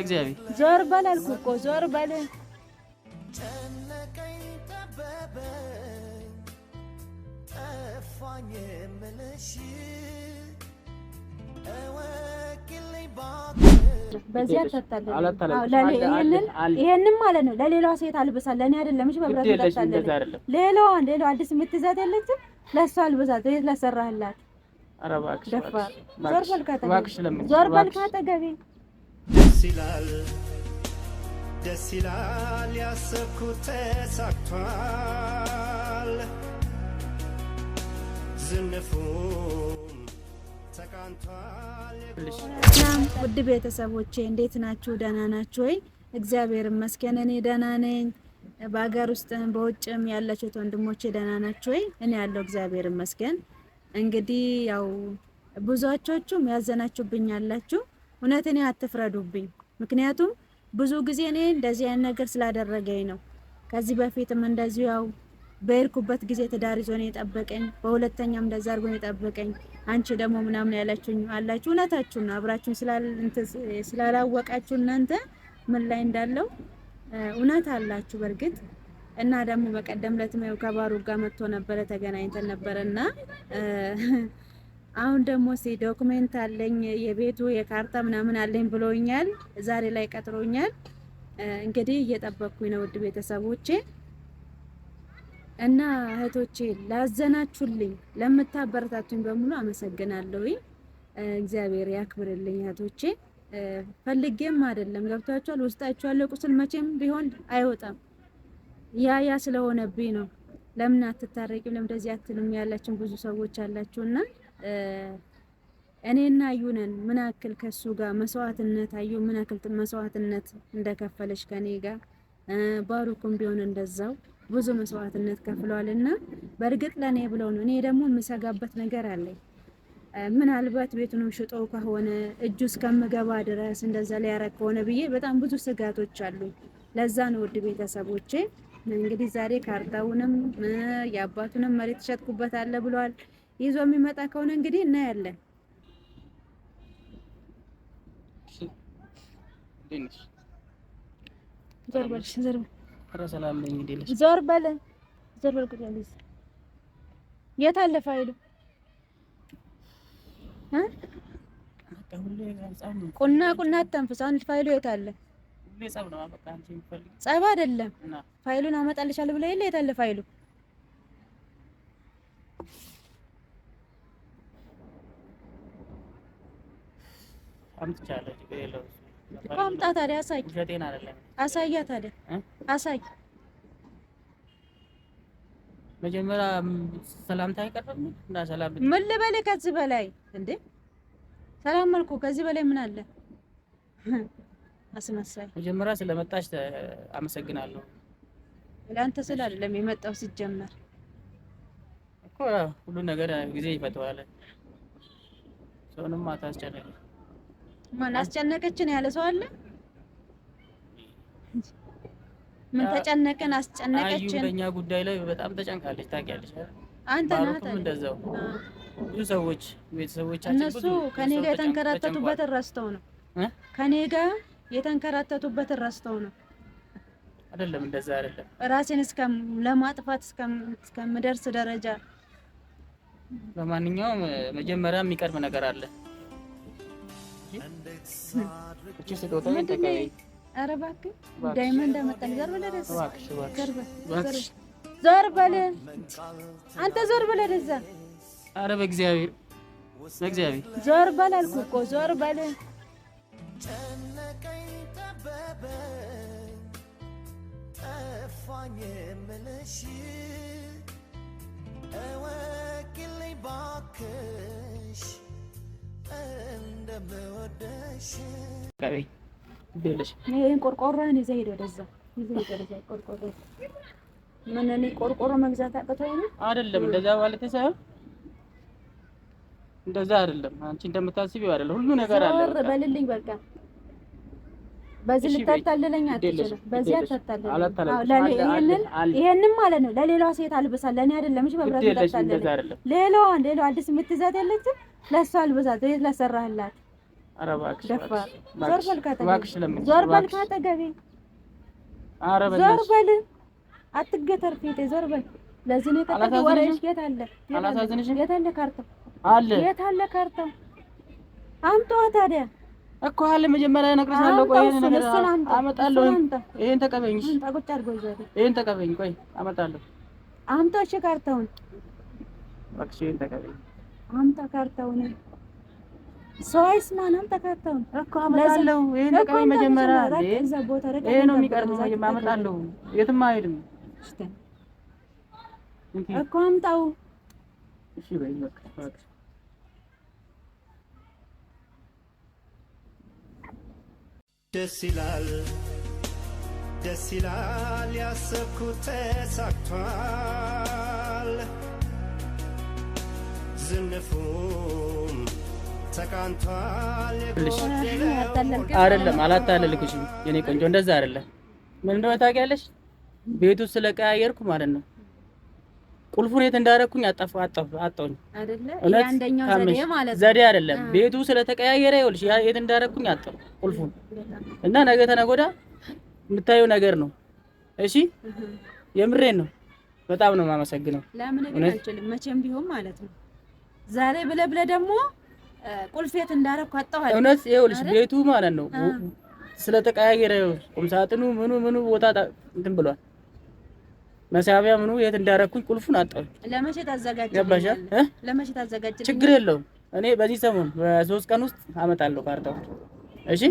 እግዚአብሔር ዞር በል አልኩህ እኮ ዞር በል። ጨነቀኝ ጠበበኝ ጠፋኝ የምልሽ ይሄንን ማለት ነው ለሌላዋ ሴት አልብሳል ለእኔ አይደለም። እሺ በብረት ትጠጣለች። ሌላዋን ሌላዋ አዲስ የምትይዛት የለችም። ለእሷ አልብሳት የት ላሰራህላት። ኧረ እባክሽ ዞር በል ካጠገቤ ይላል ደስ ይላል ያሰብኩት ተሳክቷል ዝንፉም ተቃንቷል ውድ ቤተሰቦቼ እንዴት ናችሁ ደህና ናችሁ ወይ እግዚአብሔር ይመስገን እኔ ደህና ነኝ በሀገር ውስጥም በውጭም ያላችሁት ወንድሞቼ ደህና ናችሁ ወይ እኔ ያለው እግዚአብሔር ይመስገን እንግዲህ ያው ብዙዎቻችሁም ያዘናችሁብኝ ያላችሁ እውነት እኔ አትፍረዱብኝ። ምክንያቱም ብዙ ጊዜ እኔ እንደዚህ አይነት ነገር ስላደረገኝ ነው። ከዚህ በፊትም እንደዚሁ ያው በሄድኩበት ጊዜ ትዳር ይዞ ነው የጠበቀኝ። በሁለተኛም እንደዛ አድርጎ ነው የጠበቀኝ። አንቺ ደግሞ ምናምን ያላችሁኝ አላችሁ። እውነታችሁን ነው። አብራችሁን ስላላወቃችሁ እናንተ ምን ላይ እንዳለው እውነት አላችሁ። በእርግጥ እና ደግሞ በቀደም ዕለትም ከባሩ ጋር መጥቶ ነበረ፣ ተገናኝተን ነበረ እና አሁን ደግሞ ሲ ዶክመንት አለኝ የቤቱ የካርታ ምናምን አለኝ ብሎኛል። ዛሬ ላይ ቀጥሮኛል። እንግዲህ እየጠበቅኩኝ ነው ውድ ቤተሰቦቼ እና እህቶቼ ላዘናችሁልኝ፣ ለምታበረታቱኝ በሙሉ አመሰግናለሁ። እግዚአብሔር ያክብርልኝ እህቶቼ። ፈልጌም አይደለም ገብቷችኋል። ውስጣችሁ ያለው ቁስል መቼም ቢሆን አይወጣም። ያ ያ ስለሆነብኝ ነው። ለምን አትታረቂም፣ ለምን እንደዚህ አትሉም ያላችሁ ብዙ ሰዎች አላችሁና እኔና አዩነን ምን ያክል ከሱ ጋር መስዋዕትነት አዩ ምን ያክል መስዋዕትነት እንደከፈለች ከኔ ጋር ባሩኩም ቢሆን እንደዛው ብዙ መስዋዕትነት ከፍለዋል እና በእርግጥ ለእኔ ብለው ነው። እኔ ደግሞ የምሰጋበት ነገር አለኝ። ምናልባት ቤቱንም ሽጦ ከሆነ እጁ እስከምገባ ድረስ እንደዛ ሊያረግ ከሆነ ብዬ በጣም ብዙ ስጋቶች አሉኝ። ለዛ ነው ውድ ቤተሰቦቼ እንግዲህ ዛሬ ካርታውንም የአባቱንም መሬት ሸጥኩበት አለ ብሏል። ይዞ የሚመጣ ከሆነ እንግዲህ እናያለን። ዞር በል ዞር በል። የት አለ ፋይሉ? ቁና ቁና አተንፍስ። አንድ ፋይሉ የት አለ? ጸብ አይደለም ፋይሉን አመጣልሻለሁ ብለህ የለ የት አለ ፋይሉ? አምጥቻለሁ። አምጣ ታዲያ። አሳይ ውሸቴን አይደለም። አሳያ ታዲያ አሳይ። መጀመሪያ ሰላምታ አይቀርብም እና ሰላም ምን ልበልህ? ከዚህ በላይ እንዴ ሰላም አልኩህ። ከዚህ በላይ ምን አለ? አስመሳይ። መጀመሪያ ስለመጣሽ አመሰግናለሁ። ለአንተ ስል አይደለም የመጣው ሲጀመር እኮ ሁሉ ነገር ጊዜ ይፈተዋል። ሰውንም አታስጨነቅ። ማን አስጨነቀችን ያለ ሰው አለ? ምን ተጨነቀን አስጨነቀችን። በእኛ ጉዳይ ላይ በጣም ተጨንቃለች ታውቂያለሽ። አንተ ናት እንደዛው ብዙ ሰዎች ቤተሰቦቻችን እነሱ ከኔ ጋር የተንከራተቱበትን ረስተው ነው ከኔ ጋር የተንከራተቱበትን ረስተው ነው። አይደለም እንደዛ አይደለም። ራሴን እስከ ለማጥፋት እስከምደርስ ደረጃ። በማንኛውም መጀመሪያ የሚቀድም ነገር አለ እቺ ስጦታ ተቀበይ። ኧረ እባክህ ዳይመንድ አመጣልህ። በል አንተ፣ ዘር በል ወደዛ። ኧረ በእግዚአብሔር በእግዚአብሔር ዘር በል አልኩህ እኮ ዘር በል። ጨነቀኝ ጠበበኝ ጠፋኝ የምልሽ እወቂልኝ ቆርቆሮን ይዘህ ሄድ ወደዛ። ምን እኔ ቆርቆሮ መግዛት አቅቶኝ ነው? አይደለም፣ እንደዛ ማለት ሳይሆን እንደዛ አይደለም። አንቺ እንደምታስቢው አይደለም። ሁሉ ነገር አለ። በልልኝ በቃ በዚህ ልታታልለኝ አትችልም። በዚህ አታታልለኝ። ይሄንን ማለት ነው ለሌላ ሴት አልብሳት፣ ለእኔ አይደለም። እሺ በብረት ልታታልለኝ። ሌላዋን ሌላዋ አዲስ የምትይዛት የለችም። ለእሷ አልብሳት። የት ላሰራህላት ኧረ ዞር በል አትገተር ፊቴ፣ ዞር በል ለዚህ ነው የት አለ? የት አለ ካርታው? የት አለ ካርታው? ታዲያ እኮ አለ መጀመሪያ እነግርሻለሁ። ቆይ አመጣለሁ። ይሄን ይሄን ቆይ አመጣለሁ። አምጣው፣ እሺ ካርታውን፣ እባክሽ ይሄን አምጣ ካርታውን ሰው አይስማናም። ተካተው እኮ አመጣለሁ። ይሄን ነገር መጀመሪያ ይሄ ነው የሚቀርበው። መጀመሪያ አመጣለሁ። የትም አይሄድም እኮ አምጣው። እሺ በይ በቃ ደስ ይላል፣ ደስ ይላል። ያሰብኩት ተሳክቷል። ዝንፉ አይደለም አላታለልኩሽም፣ የኔ ቆንጆ እንደዛ አይደለም። ምን እንደሆነ ታውቂያለሽ? ቤቱ ስለቀያየርኩ ማለት ነው ቁልፉን የት እንዳደረኩኝ አጣፍ አጣፍ አጣሁኝ። ዘዴ አይደለም ቤቱ ስለተቀያየረ ይኸውልሽ፣ ያ የት እንዳደረኩኝ አጣሁ ቁልፉን እና ነገ ተነጎዳ የምታየው ነገር ነው። እሺ የምሬን ነው። በጣም ነው የማመሰግነው። ለምን ግን አልችልም መቼም ቢሆን ማለት ነው ዛሬ ብለህ ብለህ ደግሞ ቁልፌት እንዳረኩ እውነት ይኸውልሽ ቤቱ ማለት ነው ስለተቀያየረ ምኑ ምኑ ቦታ እንትን ብሏል። መሳቢያ ምኑ የት እንዳረኩኝ ቁልፉን አጣሁ። ለመሸጥ አዘጋጅልኝ፣ ለመሸጥ ችግር የለውም እኔ በዚህ ሰሞን በሶስት ቀን ውስጥ አመጣለሁ ካርታው። እሺ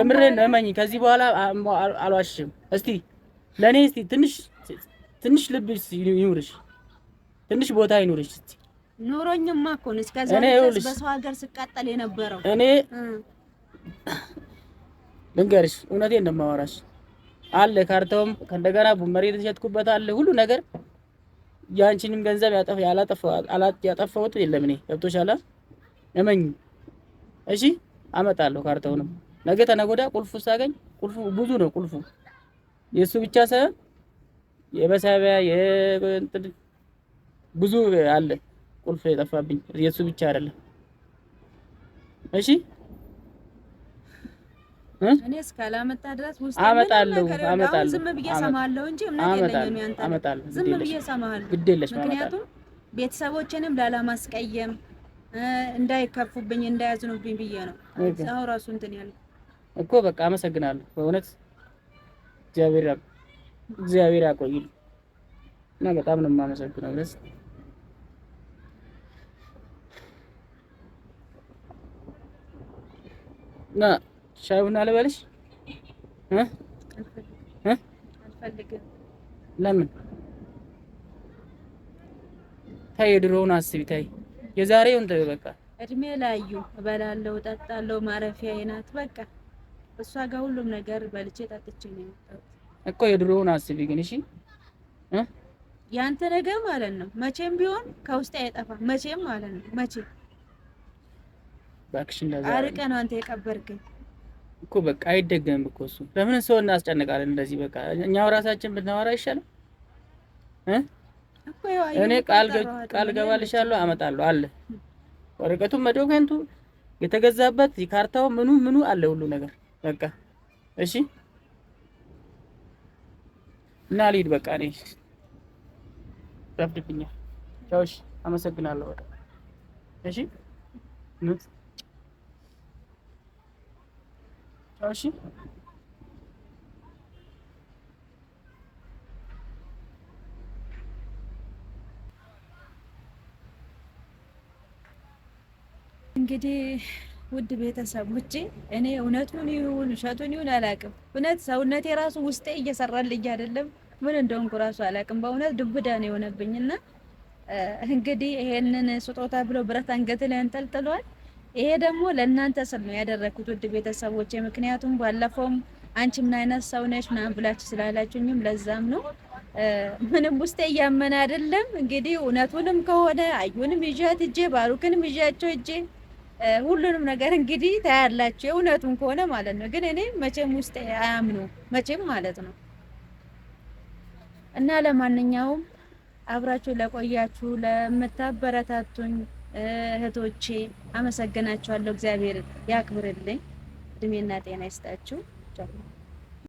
የምሬን እመኝ፣ ከዚህ በኋላ አልዋሽም። እስቲ ለእኔ እስቲ ትንሽ ትንሽ ልብ ይኑርሽ፣ ትንሽ ቦታ ይኑርሽ እስቲ ኑሮኝማ እኮ ነው እስከ ድረስ በሰው ሀገር ስቃጠል የነበረው። እኔ ልንገርሽ፣ እውነቴን እንደማወራሽ አለ ካርታውም ከእንደገና መሬት የተሸጥኩበት አለ ሁሉ ነገር የአንቺንም ገንዘብ ያጠፋ ያጠፋሁት የለም። እኔ ገብቶሻል። እመኝ እሺ፣ አመጣለሁ ካርታውንም ነገ ተነጎዳ። ቁልፉ ሳገኝ ቁልፉ ብዙ ነው። ቁልፉ የሱ ብቻ ሳይሆን የመሳቢያ የብዙ አለ ቁልፍ የጠፋብኝ የሱ ብቻ አይደለም። እሺ አመጣለሁ አመጣለሁ። ምክንያቱም ቤተሰቦችንም ላላማስቀየም እንዳይከፉብኝ እንዳያዝኑብኝ ብዬ ነው። አሁን ራሱ እንትን ያለ እኮ በቃ አመሰግናለሁ በእውነት እግዚአብሔር እግዚአብሔር እና በጣም ነው የማመሰግነው። ና ሻይ ቡና ልበልሽ? ለምን ታይ የድሮውን አስቢ። ታይ የዛሬውን ተይው። በቃ እድሜ ላዩ እበላለሁ፣ እጠጣለሁ፣ ማረፊያ ናት። በቃ እሷ ጋር ሁሉም ነገር በልቼ ጠጥቼ ነው እኮ። የድሮውን አስቢ ግን እሺ። ያንተ ነገር ማለት ነው መቼም ቢሆን ከውስጥ አይጠፋም። መቼም ማለት ነው መቼም እባክሽ እንደዛ አርቀ ነው አንተ የቀበርከኝ እኮ በቃ አይደገም እኮ እሱ ለምን ሰው እናስጨንቃለን እንደዚህ በቃ እኛው ራሳችን ብናወራ ይሻላል እ እኔ ቃል ቃል ገባልሻለሁ አመጣለሁ አለ ወረቀቱ መዶከንቱ የተገዛበት ካርታው ምኑ ምኑ አለ ሁሉ ነገር በቃ እሺ እና ልሂድ በቃ እኔ ረፍድብኛል ቻው እሺ አመሰግናለሁ በጣም እሺ እሺ እንግዲህ ውድ ቤተሰብ ቤተሰቦቼ እኔ እውነቱን ይሁን ውሸቱን ይሁን አላውቅም። እውነት ሰውነቴ የራሱ ውስጤ እየሰራልኝ አይደለም፣ ምን እንደሆንኩ ራሱ አላውቅም። በእውነት ዱብዳ ነው የሆነብኝና እንግዲህ ይሄንን ስጦታ ብሎ ብረት አንገት ላይ አንጠልጥሏል። ይሄ ደግሞ ለእናንተ ስል ነው ያደረግኩት ውድ ቤተሰቦች። ምክንያቱም ባለፈውም አንቺ ምን አይነት ሰው ነሽ ምናምን ብላችሁ ስላላችሁኝም ለዛም ነው ምንም ውስጤ እያመን አይደለም። እንግዲህ እውነቱንም ከሆነ አዩንም ይዣት እጄ ባሩክንም ይዣቸው እጄ ሁሉንም ነገር እንግዲህ ታያላችሁ፣ የእውነቱን ከሆነ ማለት ነው። ግን እኔ መቼም ውስጤ አያምኑ መቼም ማለት ነው እና ለማንኛውም አብራችሁ ለቆያችሁ ለምታበረታቱኝ እህቶቼ አመሰግናችኋለሁ። እግዚአብሔር ያክብርልኝ፣ እድሜና ጤና ይስጣችሁ።